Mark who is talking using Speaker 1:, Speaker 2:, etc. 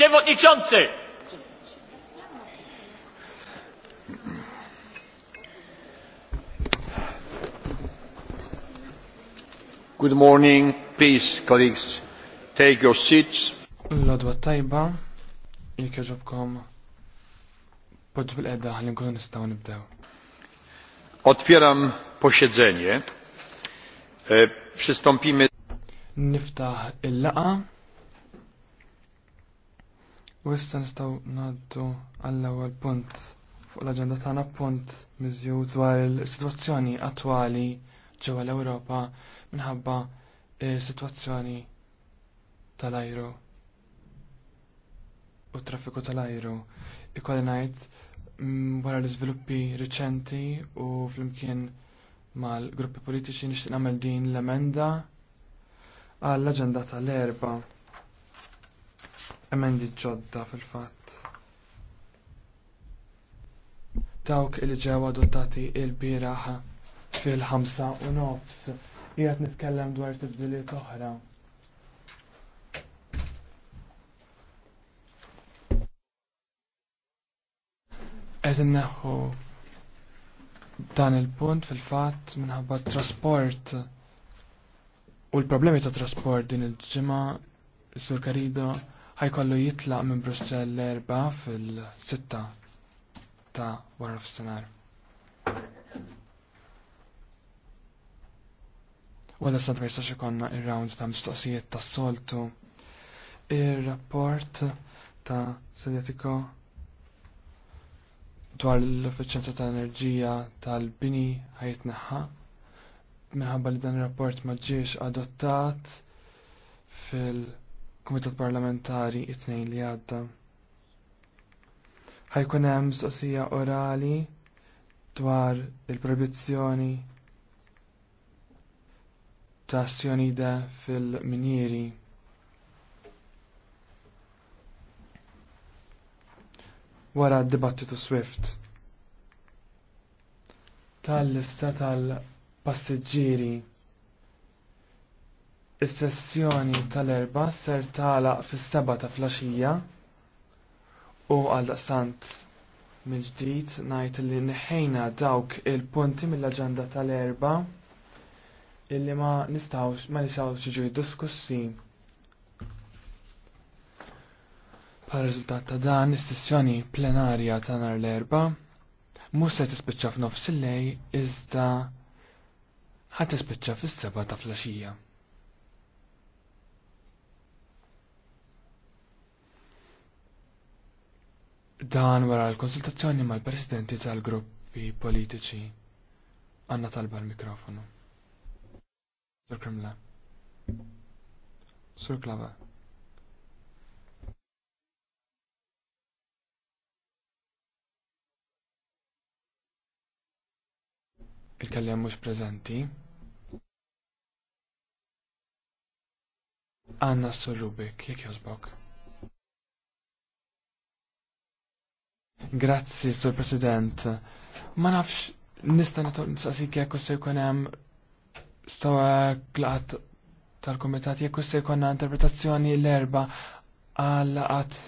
Speaker 1: Przewodniczący! Good morning, peace, colleagues, take your seats. L-odwa tajba, jek jaġobkom podġu bil-edda għallin kunu nistaw nibdew. Otwieram posiedzenie. E, przystąpimy. Niftaħ il-laqa. U issa nistgħu ngħaddu għall-ewwel punt fuq l-aġenda tagħna punt miżju dwar is-sitwazzjoni attwali ġewwa l-Ewropa minħabba s sitwazzjoni tal-ajru u t traffiku tal-ajru. Ikolli ngħid mm, wara l-iżviluppi riċenti u flimkien mal-gruppi politiċi nixtieq nagħmel din l-emenda għall-aġenda tal-erba' emendi ġodda fil-fatt. Dawk il ġew adottati il-biraħ fil-ħamsa u nofs jgħat nitkellem dwar tibdiliet oħra. Qed inneħħu dan il-punt fil-fatt minħabba t trasport u l-problemi ta' trasport din il-ġimgħa is-sur Karido ħajkollu jitlaq minn Brussell l-erba fil-sitta ta' wara f'senar. U għadda sant jistax ikonna ir-rounds ta' mistoqsijiet ta' soltu. Ir-rapport ta' Sovjetiko dwar l-efficienza ta' enerġija tal-bini ħajtneħħa minħabba li dan ir-rapport ma ġiex adottat fil- Kumitat Parlamentari it-tnejn li għadda. Ħajkun hemm mistoqsija orali dwar il-proibizzjoni ta' sjonida fil-minieri. Wara d-dibattitu Swift tal-lista tal-passiġġieri Is-sessjoni tal-erba ser tagħlaq fis-seba ta' flaxija u għaldaqstant mill-ġdid ngħid li nħejna dawk il-punti mill-aġenda tal-erba illi ma nistgħux ma nistgħux jiġu diskussi. Bħal riżultat ta' dan is-sessjoni plenarja ta' nhar l-erba mhux se tispiċċa f'nofs il-lej iżda ħadd tispiċċa fis-seba ta' flaxija. Dan wara l-konsultazzjoni mal-presidenti tal-gruppi politiċi. Għanna talba l-mikrofonu. Sur Kremla. Sur Klava. Il-kellem mux prezenti. Għanna sur Rubik, jek jazbok. Grazzi, Sur President. Ma nafx nista' nagħtol nistaqsik jekk se jkun hemm stawa klaqat tal-Kumitat jekk se jkollna interpretazzjoni l-erba' għal qatt